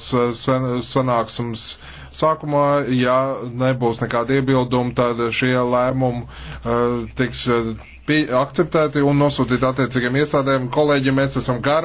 sanāksmes sākumā, ja nebūs nekāda iebilduma, tad šie lēmumi uh, tiks uh, akceptēti un nosūtīti attiecīgiem iestādēm. Kolēģi, mēs esam garā.